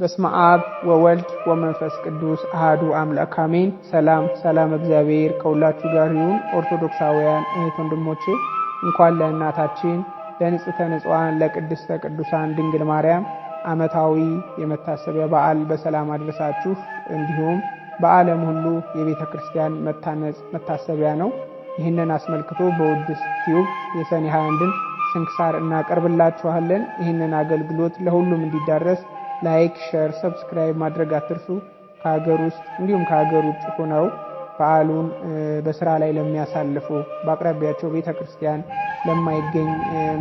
በስመ አብ ወወልድ ወመንፈስ ቅዱስ አህዱ አምላክ አሜን። ሰላም ሰላም፣ እግዚአብሔር ከሁላችሁ ጋር ይሁን። ኦርቶዶክሳውያን እህት ወንድሞቼ እንኳን ለእናታችን ለንጽሕተ ንጹሐን ለቅድስተ ቅዱሳን ድንግል ማርያም ዓመታዊ የመታሰቢያ በዓል በሰላም አድረሳችሁ። እንዲሁም በዓለም ሁሉ የቤተ ክርስቲያን መታነጽ መታሰቢያ ነው። ይህንን አስመልክቶ በውድስ ቲዩብ የሰኔ 21ን ስንክሳር እናቀርብላችኋለን። ይህንን አገልግሎት ለሁሉም እንዲዳረስ ላይክ፣ ሸር፣ ሰብስክራይብ ማድረግ አትርሱ። ከሀገር ውስጥ እንዲሁም ከሀገር ውጭ ሆነው በዓሉን በስራ ላይ ለሚያሳልፉ በአቅራቢያቸው ቤተ ክርስቲያን ለማይገኝ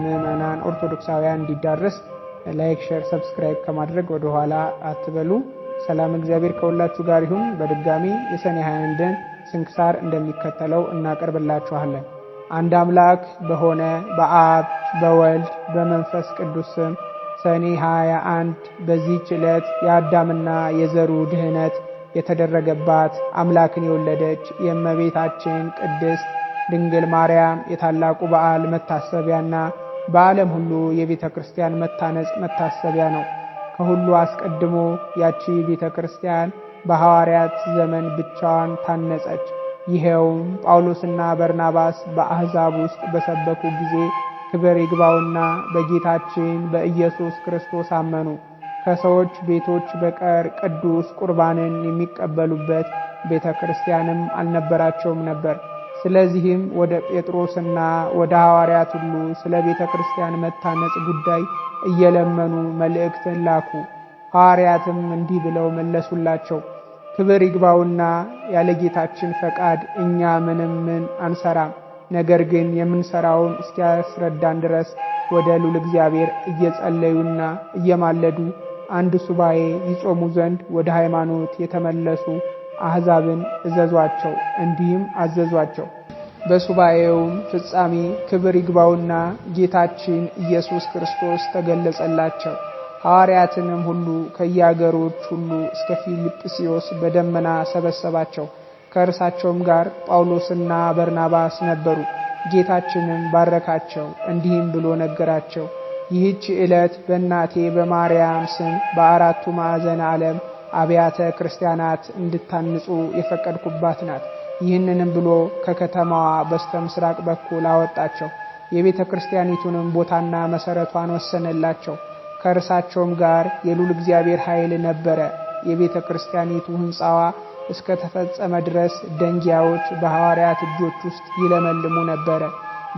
ምዕመናን ኦርቶዶክሳውያን እንዲዳረስ ላይክ፣ ሸር፣ ሰብስክራይብ ከማድረግ ወደኋላ አትበሉ። ሰላም እግዚአብሔር ከሁላችሁ ጋር ይሁን። በድጋሚ የሰኔ 21 ስንክሳር እንደሚከተለው እናቀርብላችኋለን። አንድ አምላክ በሆነ በአብ በወልድ በመንፈስ ቅዱስ ስም ሰኔ 21 በዚህች ዕለት የአዳምና የዘሩ ድህነት የተደረገባት አምላክን የወለደች የእመቤታችን ቅድስት ድንግል ማርያም የታላቁ በዓል መታሰቢያና በዓለም ሁሉ የቤተ ክርስቲያን መታነጽ መታሰቢያ ነው። ከሁሉ አስቀድሞ ያቺ ቤተ ክርስቲያን በሐዋርያት ዘመን ብቻዋን ታነጸች። ይኸውም ጳውሎስና በርናባስ በአሕዛብ ውስጥ በሰበኩ ጊዜ ክብር ይግባውና በጌታችን በኢየሱስ ክርስቶስ አመኑ። ከሰዎች ቤቶች በቀር ቅዱስ ቁርባንን የሚቀበሉበት ቤተ ክርስቲያንም አልነበራቸውም ነበር። ስለዚህም ወደ ጴጥሮስና ወደ ሐዋርያት ሁሉ ስለ ቤተ ክርስቲያን መታነጽ ጉዳይ እየለመኑ መልእክትን ላኩ። ሐዋርያትም እንዲህ ብለው መለሱላቸው። ክብር ይግባውና ያለ ጌታችን ፈቃድ እኛ ምንም ምን አንሰራም ነገር ግን የምንሰራውን እስኪያስረዳን ድረስ ወደ ልዑል እግዚአብሔር እየጸለዩና እየማለዱ አንድ ሱባኤ ይጾሙ ዘንድ ወደ ሃይማኖት የተመለሱ አሕዛብን እዘዟቸው። እንዲህም አዘዟቸው። በሱባኤውም ፍጻሜ ክብር ይግባውና ጌታችን ኢየሱስ ክርስቶስ ተገለጸላቸው። ሐዋርያትንም ሁሉ ከየአገሮች ሁሉ እስከ ፊልጵስዮስ በደመና ሰበሰባቸው። ከእርሳቸውም ጋር ጳውሎስና በርናባስ ነበሩ። ጌታችንም ባረካቸው፣ እንዲህም ብሎ ነገራቸው። ይህች ዕለት በእናቴ በማርያም ስም በአራቱ ማዕዘን ዓለም አብያተ ክርስቲያናት እንድታንጹ የፈቀድኩባት ናት። ይህንንም ብሎ ከከተማዋ በስተ ምስራቅ በኩል አወጣቸው። የቤተ ክርስቲያኒቱንም ቦታና መሠረቷን ወሰነላቸው። ከእርሳቸውም ጋር የሉል እግዚአብሔር ኃይል ነበረ። የቤተ ክርስቲያኒቱ ሕንፃዋ እስከ ተፈጸመ ድረስ ደንጊያዎች በሐዋርያት እጆች ውስጥ ይለመልሙ ነበረ።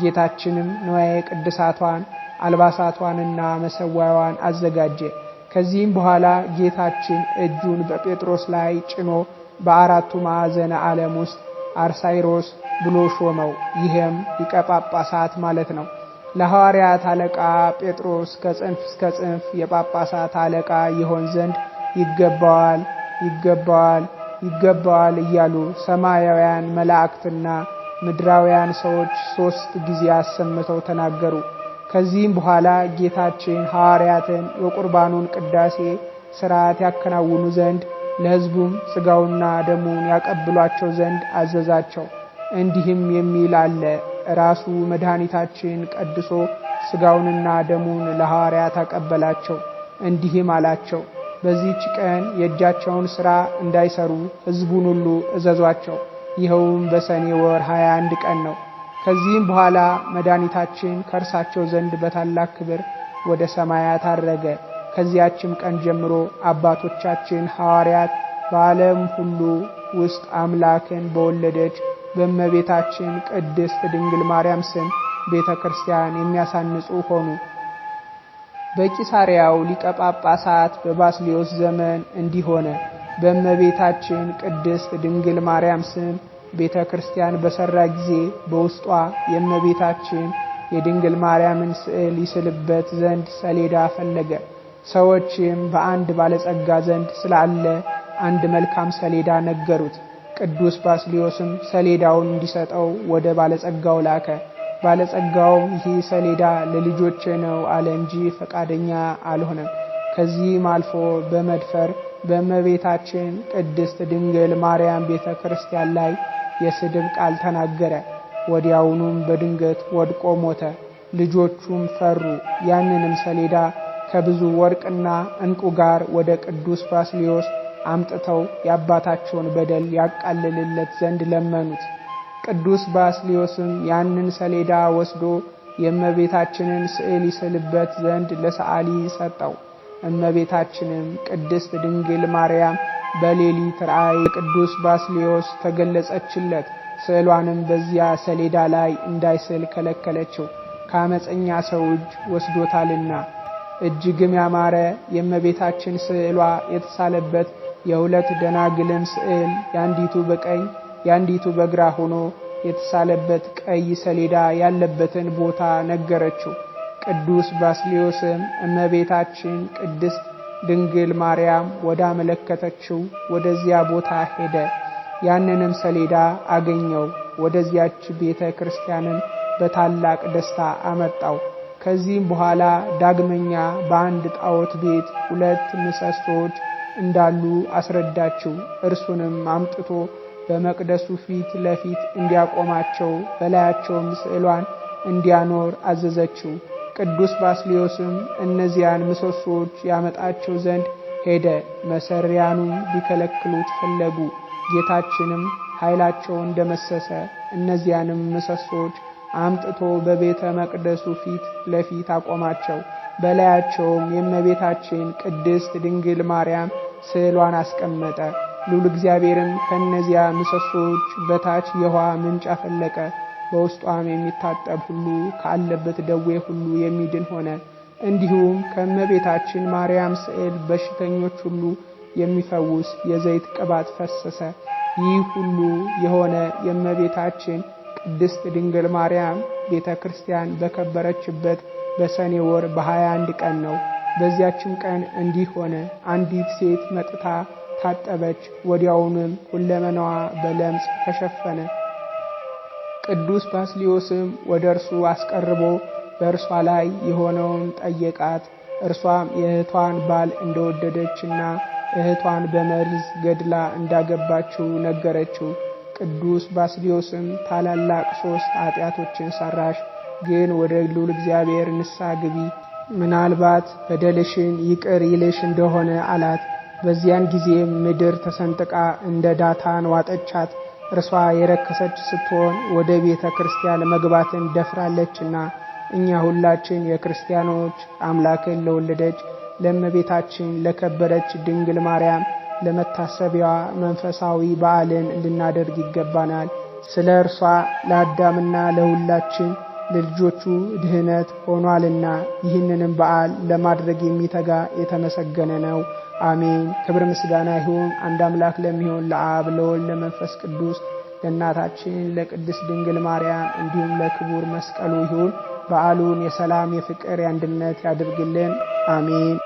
ጌታችንም ንዋየ ቅድሳቷን አልባሳቷንና መሰዋያዋን አዘጋጀ። ከዚህም በኋላ ጌታችን እጁን በጴጥሮስ ላይ ጭኖ በአራቱ ማዕዘነ ዓለም ውስጥ አርሳይሮስ ብሎ ሾመው። ይህም ሊቀ ማለት ነው። ለሐዋርያት አለቃ ጴጥሮስ ከጽንፍ እስከ ጽንፍ የጳጳሳት አለቃ ይሆን ዘንድ ይገባዋል ይገባዋል ይገባዋል እያሉ ሰማያውያን መላእክትና ምድራውያን ሰዎች ሦስት ጊዜ አሰምተው ተናገሩ። ከዚህም በኋላ ጌታችን ሐዋርያትን የቁርባኑን ቅዳሴ ሥርዓት ያከናውኑ ዘንድ ለሕዝቡም ሥጋውና ደሙን ያቀብሏቸው ዘንድ አዘዛቸው። እንዲህም የሚል አለ። ራሱ መድኃኒታችን ቀድሶ ሥጋውንና ደሙን ለሐዋርያት አቀበላቸው። እንዲህም አላቸው በዚህች ቀን የእጃቸውን ሥራ እንዳይሰሩ ሕዝቡን ሁሉ እዘዟቸው። ይኸውም በሰኔ ወር 21 ቀን ነው። ከዚህም በኋላ መድኃኒታችን ከእርሳቸው ዘንድ በታላቅ ክብር ወደ ሰማያት አረገ። ከዚያችም ቀን ጀምሮ አባቶቻችን ሐዋርያት በዓለም ሁሉ ውስጥ አምላክን በወለደች በእመቤታችን ቅድስት ድንግል ማርያም ስም ቤተ ክርስቲያን የሚያሳንጹ ሆኑ። በቂሳሪያው ሊቀ ጳጳሳት በባስልዮስ ዘመን እንዲሆነ በእመቤታችን ቅድስት ድንግል ማርያም ስም ቤተ ክርስቲያን በሠራ ጊዜ በውስጧ የእመቤታችን የድንግል ማርያምን ስዕል ይስልበት ዘንድ ሰሌዳ ፈለገ። ሰዎችም በአንድ ባለጸጋ ዘንድ ስላለ አንድ መልካም ሰሌዳ ነገሩት። ቅዱስ ባስልዮስም ሰሌዳውን እንዲሰጠው ወደ ባለጸጋው ላከ። ባለጸጋውም ይህ ሰሌዳ ለልጆቼ ነው አለ እንጂ ፈቃደኛ አልሆነም። ከዚህም አልፎ በመድፈር በእመቤታችን ቅድስት ድንግል ማርያም ቤተ ክርስቲያን ላይ የስድብ ቃል ተናገረ። ወዲያውኑም በድንገት ወድቆ ሞተ። ልጆቹም ፈሩ። ያንንም ሰሌዳ ከብዙ ወርቅና እንቁ ጋር ወደ ቅዱስ ባስልዮስ አምጥተው የአባታቸውን በደል ያቃልልለት ዘንድ ለመኑት። ቅዱስ ባስሊዮስም ያንን ሰሌዳ ወስዶ የእመቤታችንን ስዕል ይስልበት ዘንድ ለሰዓሊ ሰጠው። እመቤታችንም ቅድስት ድንግል ማርያም በሌሊት ራእይ ቅዱስ ባስልዮስ ተገለጸችለት። ስዕሏንም በዚያ ሰሌዳ ላይ እንዳይስል ከለከለችው፣ ከአመፀኛ ሰው እጅ ወስዶታልና። እጅግም ያማረ የእመቤታችን ስዕሏ የተሳለበት የሁለት ደናግልም ስዕል የአንዲቱ በቀኝ የአንዲቱ በግራ ሆኖ የተሳለበት ቀይ ሰሌዳ ያለበትን ቦታ ነገረችው። ቅዱስ ባስልዮስም እመቤታችን ቅድስት ድንግል ማርያም ወደ አመለከተችው ወደዚያ ቦታ ሄደ። ያንንም ሰሌዳ አገኘው። ወደዚያች ቤተ ክርስቲያንም በታላቅ ደስታ አመጣው። ከዚህም በኋላ ዳግመኛ በአንድ ጣዖት ቤት ሁለት ምሰሶች እንዳሉ አስረዳችው። እርሱንም አምጥቶ በመቅደሱ ፊት ለፊት እንዲያቆማቸው በላያቸውም ስዕሏን እንዲያኖር አዘዘችው። ቅዱስ ባስሊዮስም እነዚያን ምሰሶዎች ያመጣቸው ዘንድ ሄደ። መሰሪያኑም ሊከለክሉት ፈለጉ። ጌታችንም ኃይላቸውን ደመሰሰ። እነዚያንም ምሰሶዎች አምጥቶ በቤተ መቅደሱ ፊት ለፊት አቆማቸው። በላያቸውም የእመቤታችን ቅድስት ድንግል ማርያም ስዕሏን አስቀመጠ። ልዑል እግዚአብሔርም ከእነዚያ ምሰሶች በታች የውሃ ምንጭ አፈለቀ። በውስጧም የሚታጠብ ሁሉ ካለበት ደዌ ሁሉ የሚድን ሆነ። እንዲሁም ከእመቤታችን ማርያም ስዕል በሽተኞች ሁሉ የሚፈውስ የዘይት ቅባት ፈሰሰ። ይህ ሁሉ የሆነ የእመቤታችን ቅድስት ድንግል ማርያም ቤተ ክርስቲያን በከበረችበት በሰኔ ወር በ21 ቀን ነው። በዚያችም ቀን እንዲህ ሆነ። አንዲት ሴት መጥታ ታጠበች፣ ወዲያውንም ሁለመናዋ በለምጽ ተሸፈነ። ቅዱስ ባስሊዮስም ወደ እርሱ አስቀርቦ በእርሷ ላይ የሆነውን ጠየቃት። እርሷም የእህቷን ባል እንደወደደችና እህቷን በመርዝ ገድላ እንዳገባችው ነገረችው። ቅዱስ ባስሊዮስም ታላላቅ ሦስት ኃጢአቶችን ሠራሽ፣ ግን ወደ ሉል እግዚአብሔር ንሳ ግቢ፣ ምናልባት በደልሽን ይቅር ይልሽ እንደሆነ አላት። በዚያን ጊዜ ምድር ተሰንጥቃ እንደ ዳታን ዋጠቻት። እርሷ የረከሰች ስትሆን ወደ ቤተ ክርስቲያን መግባትን ደፍራለችና እኛ ሁላችን የክርስቲያኖች አምላክን ለወለደች ለእመቤታችን ለከበረች ድንግል ማርያም ለመታሰቢያዋ መንፈሳዊ በዓልን ልናደርግ ይገባናል። ስለ እርሷ ለአዳምና ለሁላችን ለልጆቹ ድህነት ሆኗልና ይህንንም በዓል ለማድረግ የሚተጋ የተመሰገነ ነው። አሜን። ክብር ምስጋና ይሁን አንድ አምላክ ለሚሆን ለአብ ለወልድ ለመንፈስ ቅዱስ ለእናታችን ለቅድስት ድንግል ማርያም እንዲሁም ለክቡር መስቀሉ ይሁን። በዓሉን የሰላም የፍቅር፣ የአንድነት ያድርግልን። አሜን።